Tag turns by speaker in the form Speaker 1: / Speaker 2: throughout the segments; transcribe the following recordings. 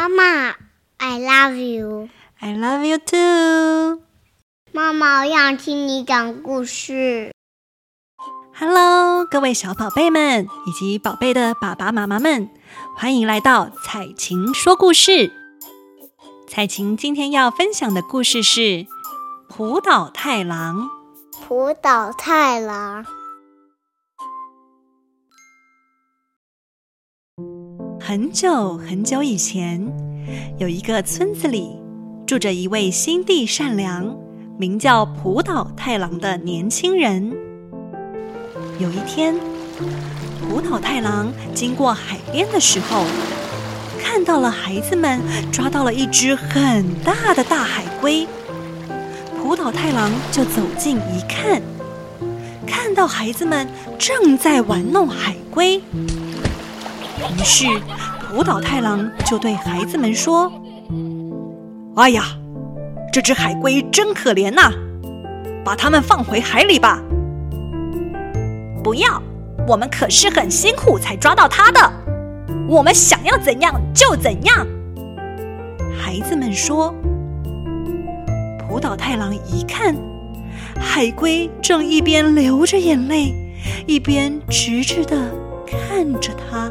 Speaker 1: 媽媽，I love you. I love you too. 媽媽，我想聽你講故事。哈嘍，各位小寶貝們以及寶貝的爸爸媽媽們，歡迎來到采晴說故事。采晴今天要分享的故事是《浦島太郎》。浦島太郎。很久很久以前，有一個村子裡住着一位心地善良、名叫浦島太郎的年輕人。有一天，浦島太郎經過海邊的時候，看到了孩子們抓到了一隻很大的大海龜。浦島太郎就走近一看，看到孩子們正在玩弄海龜。於是，浦島太郎就對孩子們說：“哎呀，這隻海龜真可憐吶、啊，把它們放回海裡吧。”“不要，我們可是很辛苦才抓到它的，我們想要怎樣就怎樣。”孩子們說。浦島太郎一看，海龜正一邊流着眼淚，一邊直直的看着他。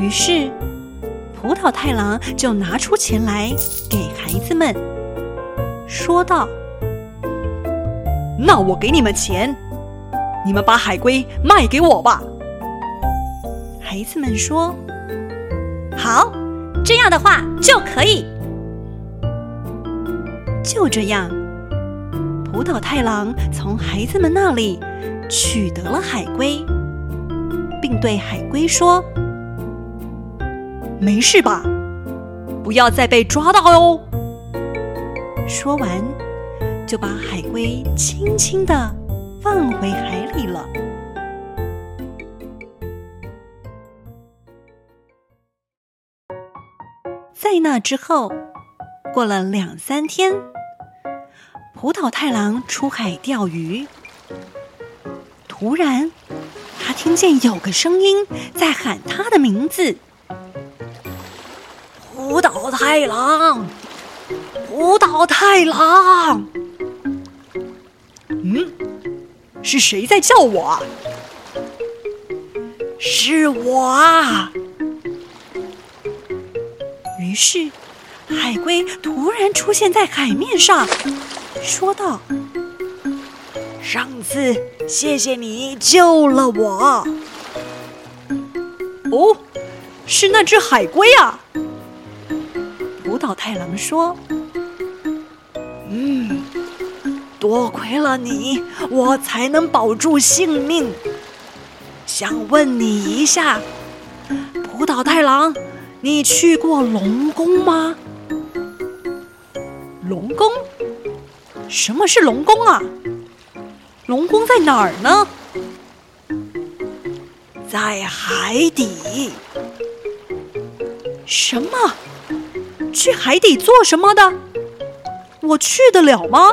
Speaker 1: 於是，浦島太郎就拿出錢來給孩子們，說道：“那我給你們錢，你們把海龜賣給我吧。”孩子們說：“好，這樣的話就可以。”就這樣，浦島太郎從孩子們那裡取得了海龜，並對海龜說。沒事吧？不要再被抓到哦！說完，就把海龜輕輕地放回海裡了。在那之後，過了兩三天，浦島太郎出海釣魚，突然，他聽見有個聲音在喊他的名字。太郎，浦島太郎，嗯，是誰在叫我？是我啊。於是，海龜突然出現在海面上，說道：“上次謝謝你救了我。”哦，是那只海龜啊。浦島太郎說：“嗯，多虧了你，我才能保住性命。想問你一下，浦島太郎，你去過龍宮嗎？龍宮？什麼是龍宮啊？龍宮在哪兒呢？在海底。什麼？”去海底做什麼的？我去得了嗎？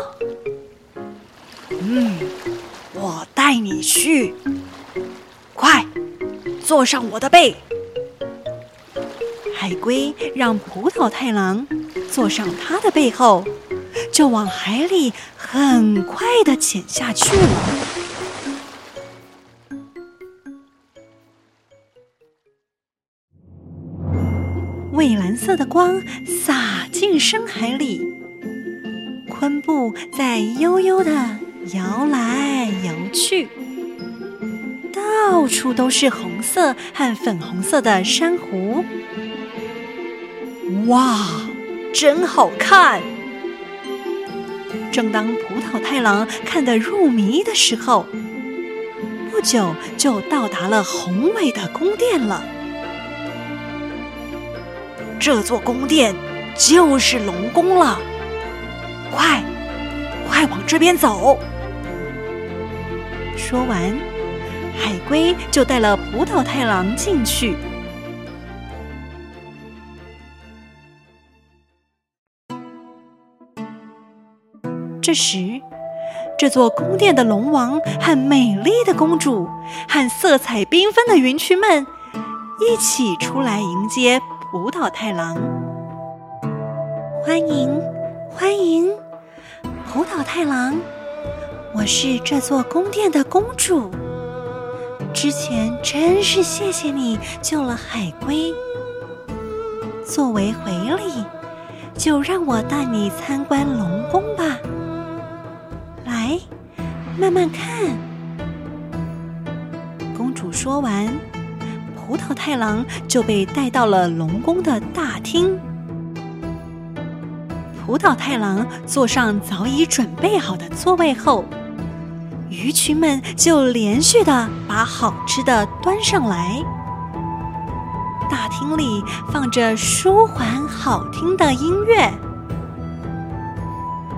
Speaker 1: 嗯，我帶你去。快，坐上我的背。海龜讓浦島太郎坐上它的背後，就往海裡很快地潛下去了。色的光灑進深海裡，昆布在悠悠地搖來搖去，到處都是紅色和粉紅色的珊瑚。哇，真好看！正當浦島太郎看得入迷的時候，不久就到達了宏偉的宮殿了。這座宮殿就是龍宮了，快，快往這邊走！說完，海龜就帶了浦島太郎進去。這時，這座宮殿的龍王和美麗的公主，和色彩繽紛的雲雀們一起出來迎接。浦島太郎，歡迎，歡迎，浦島太郎，我是這座宮殿的公主。之前真是謝謝你救了海龜，作為回禮，就讓我帶你參觀龍宮吧。來，慢慢看。公主說完。浦島太郎就被帶到了龍宮的大廳。浦島太郎坐上早已準備好的座位後，魚群們就連續地把好吃的端上來。大廳裡放着舒緩好聽的音樂，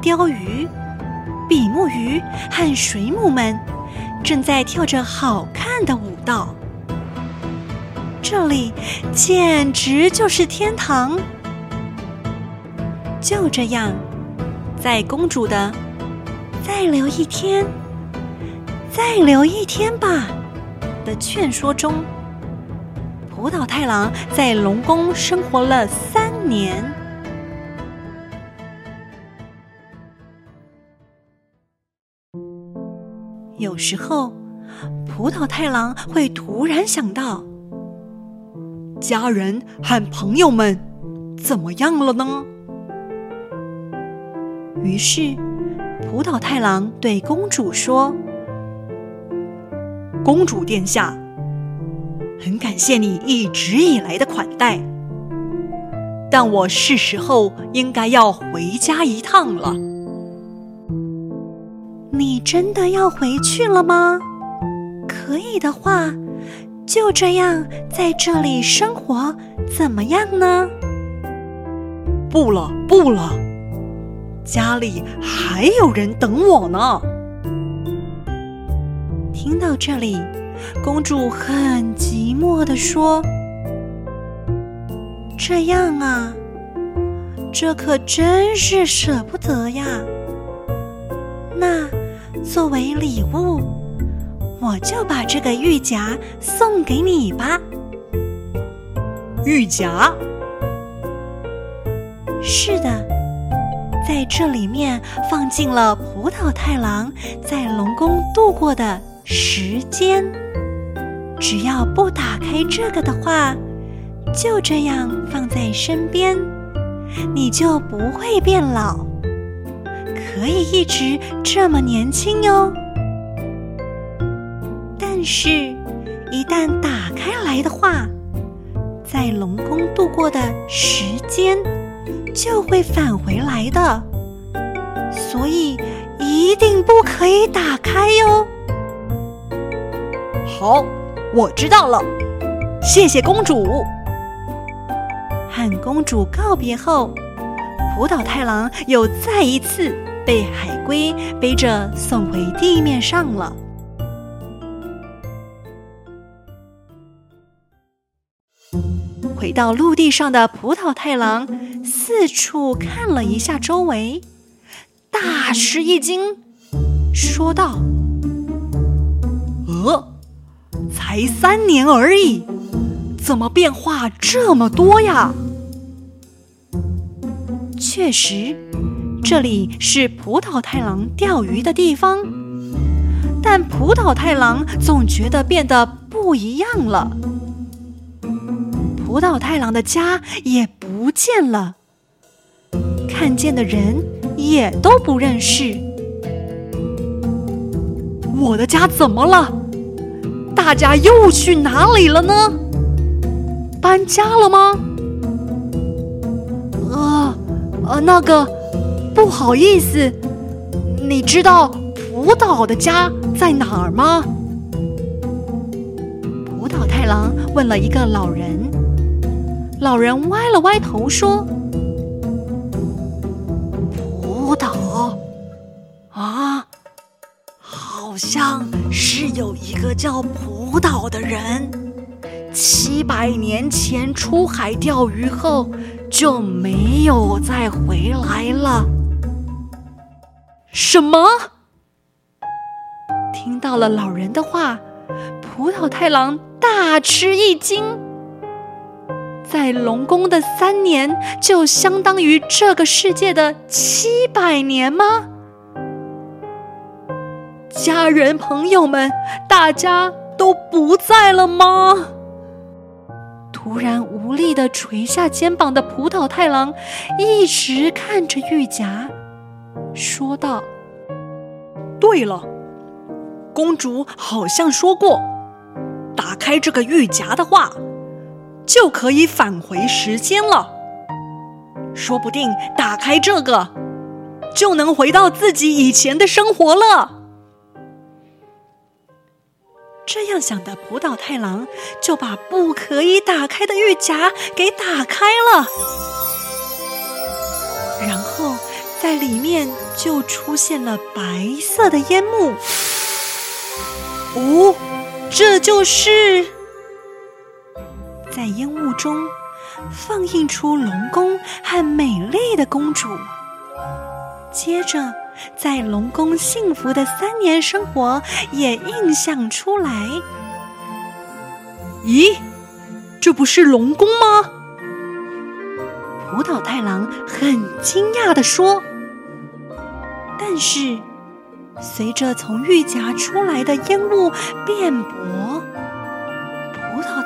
Speaker 1: 鯛魚、比目魚和水母們正在跳着好看的舞蹈。這裡簡直就是天堂！就這樣，在公主的“再留一天，再留一天吧”的勸說中，浦島太郎在龍宮生活了三年。有時候，浦島太郎會突然想到。家人和朋友們怎麼樣了呢？於是，浦島太郎對公主說：“公主殿下，很感謝你一直以來的款待，但我是時候應該要回家一趟了。你真的要回去了嗎？可以的話。”就這樣在這裡生活怎麼樣呢？不了，不了，家裡還有人等我呢。聽到這裡，公主很寂寞地說：“這樣啊，這可真是舍不得呀。那作為禮物。”我就把這個玉匣送給你吧。玉匣？是的，在這裡面放進了浦島太郎在龍宮度過的時間。只要不打開這個的話，就這樣放在身邊，你就不會變老，可以一直這麼年輕喲。但是，一旦打開來的話，在龍宮度過的時間就會返回來的，所以一定不可以打開喲、哦。好，我知道了，謝謝公主。和公主告別後，浦島太郎又再一次被海龜背着送回地面上了。回到陸地上的浦島太郎四處看了一下周圍，大吃一驚，說道：“呃，才三年而已，怎麼變化這麼多呀？”確實，這裡是浦島太郎釣魚的地方，但浦島太郎總覺得變得不一樣了。浦島太郎的家也不見了，看見的人也都不認識。我的家怎麼了？大家又去哪裡了呢？搬家了嗎？呃呃，那個不好意思，你知道浦島的家在哪兒嗎？浦島太郎問了一個老人。老人歪了歪頭說：“浦島啊，好像是有一個叫浦島的人，七百年前出海釣魚後就沒有再回來了。”什麼？聽到了老人的話，浦島太郎大吃一驚。在龍宮的三年，就相當於這個世界的七百年嗎？家人朋友們，大家都不在了嗎？突然無力的垂下肩膀的浦島太郎，一直看着玉匣，說道：“對了，公主好像說過，打開這個玉匣的話。”就可以返回時間了，說不定打開這個，就能回到自己以前的生活了。這樣想的浦島太郎就把不可以打開的玉匣給打開了，然後在裡面就出現了白色的煙霧。嗚、哦，這就是。在煙霧中放映出龍宮和美麗的公主，接着在龍宮幸福的三年生活也映像出來。咦，這不是龍宮嗎？浦島太郎很驚訝地說。但是，隨着從玉匣出來的煙霧變薄。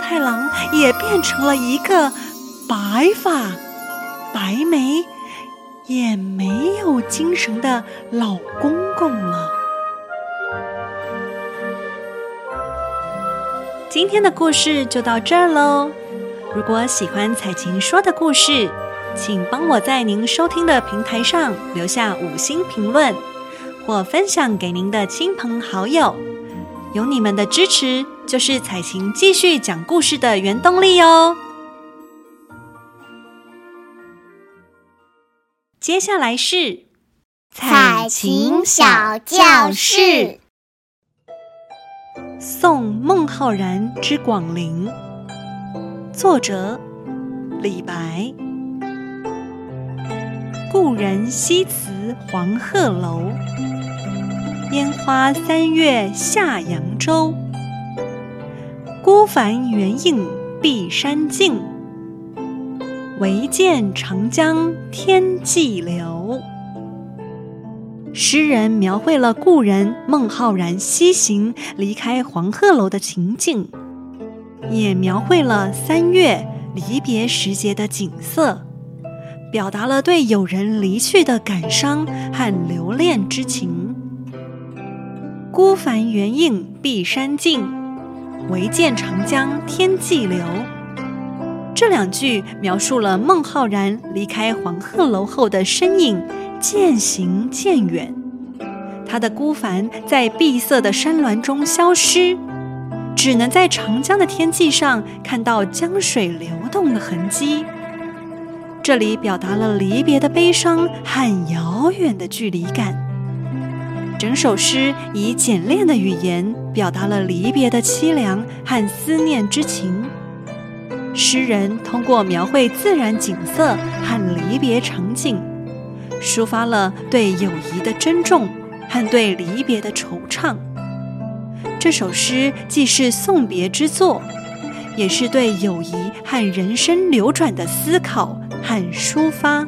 Speaker 1: 太郎也變成了一個白髮、白眉、也沒有精神的老公公了。今天的故事就到這兒嘍。如果喜歡采晴說的故事，請幫我在您收聽的平台上留下五星評論，或分享給您的親朋好友。有你們的支持。就是采晴繼續講故事的原動力哦。接下來是
Speaker 2: 采晴小教
Speaker 1: 室，教室《送孟浩然之廣陵》，作者李白。故人西辭黃鶴樓，煙花三月下揚州。孤帆遠影碧山盡，唯見長江天際流。詩人描繪了故人孟浩然西行離開黃鶴樓的情景，也描繪了三月離別時節的景色，表達了對友人離去的感傷和留戀之情。孤帆遠影碧山盡。唯見長江天際流，這兩句描述了孟浩然離開黃鶴樓後的身影漸行漸遠，他的孤帆在碧色的山巒中消失，只能在長江的天際上看到江水流動的痕跡。這裡表達了離別的悲傷和遙遠的距離感。整首詩以簡練的語言表達了離別的淒涼和思念之情。詩人通過描繪自然景色和離別場景，抒發了對友誼的珍重和對離別的惆悵。這首詩既是送別之作，也是對友誼和人生流轉的思考和抒發。